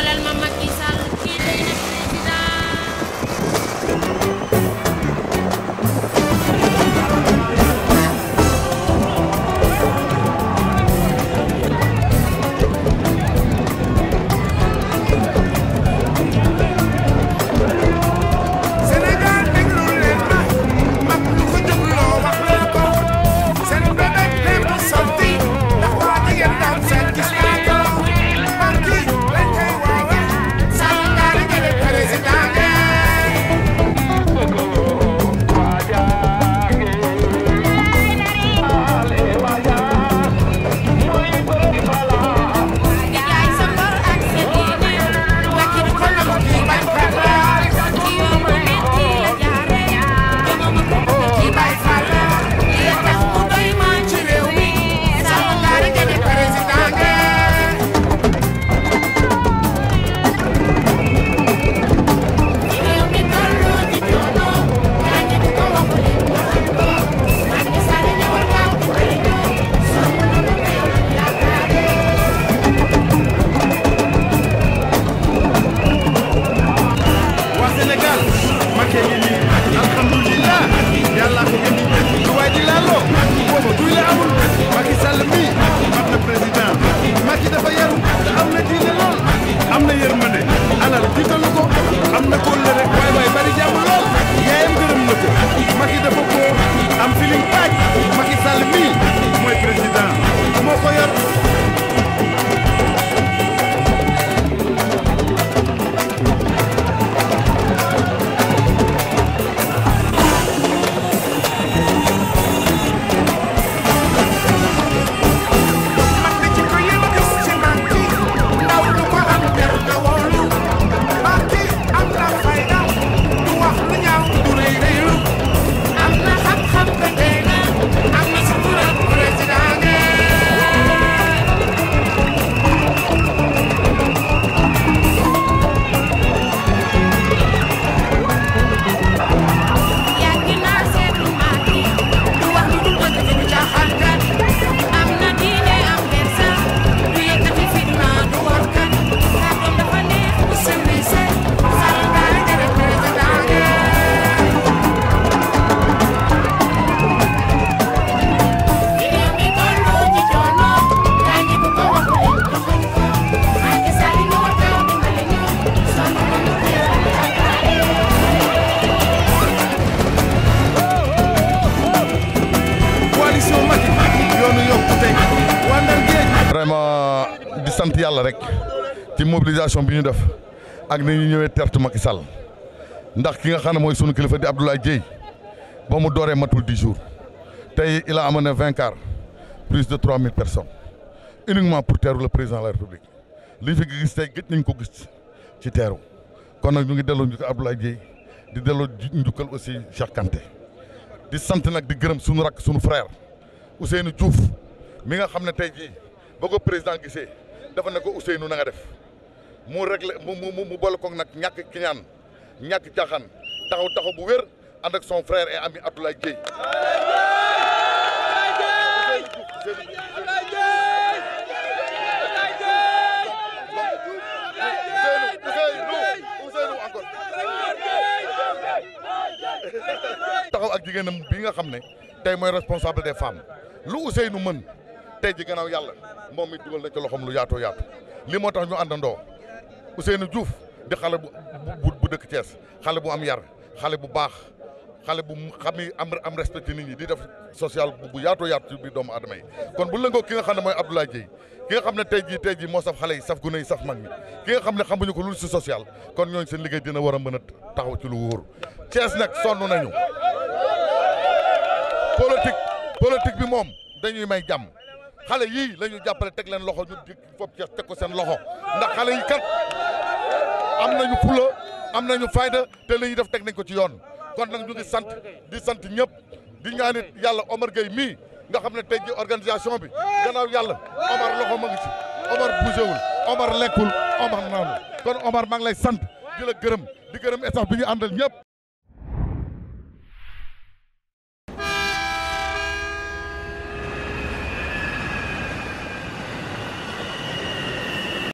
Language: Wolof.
xoolal ma vraiment di sant yàlla rek ci mobilisation bi ñu def ak ni ñu ñëwee tertu Macky sal ndax ki nga xam ne mooy sunu kilifa di Abdoulaye Dieye ba mu dooree matul di jours tey il a amené vingt cars plus de trois mille personnes uniquement pour teeru le président la république li ñu fi gis tey gëj ñu ko gis ci teeru kon nag ñu ngi delloo njukkal Abdoulaye Dieye di delloo njukkal aussi Cheikh Kanté di sant nag di gërëm sunu rakk sunu frère Ousseynou Diouf mi nga xam ne tey ba ko président gisee dafa ne ko Ousseynou na nga def mu réglé mu mu mu boole nag ñàkk kiñaan ñàkk caaxaan taxaw taxaw bu wér ànd ak son frère et ami Abdoulaye Dieye. taxaw ak jigéenam bi nga xam ne tey mooy responsable des femmes lu Ousseynou mën. tey ji gannaaw yàlla moom it dugal na ci loxoom lu yaatoo yaatu lii moo tax ñu àndandoo Ousseynou Diouf di xale bu bu dëkk Thiès xale bu am yar xale bu baax xale bu xam xami am am respecté nit ñi di def social bu yaatoo yaatu bi doomu adama yi kon bu lëngoo ki nga xam ne mooy Abdoulaye Dieye ki nga xam ne tey jii tey jii moo saf xale yi saf gune yi saf mag ñi ki nga xam ne xamuñu ko lu si social kon ñooñu seen liggéey dina war a mën a taxaw ci lu wóor Thiès nag sonn nañu politique bi moom dañuy may jàmm xale yii la ñu jàppale teg leen loxo ñu fopp Cees teg ko seen loxo ndax xale yi kat am nañu fula am nañu fayda te li ñuy def teg nañ ko ci yoon kon nag ñu ngi sant di sant ñëpp di ñaanit yàlla Omar Gueye mii nga xam ne tey ji organisation bi gannaaw yàlla Omar loxo ma ngi ci Omar bougéwul Omar lekkul Omar naanul kon Omar maa ngi lay sant ji la gërëm di gërëm staff bi ñu àndal ñëpp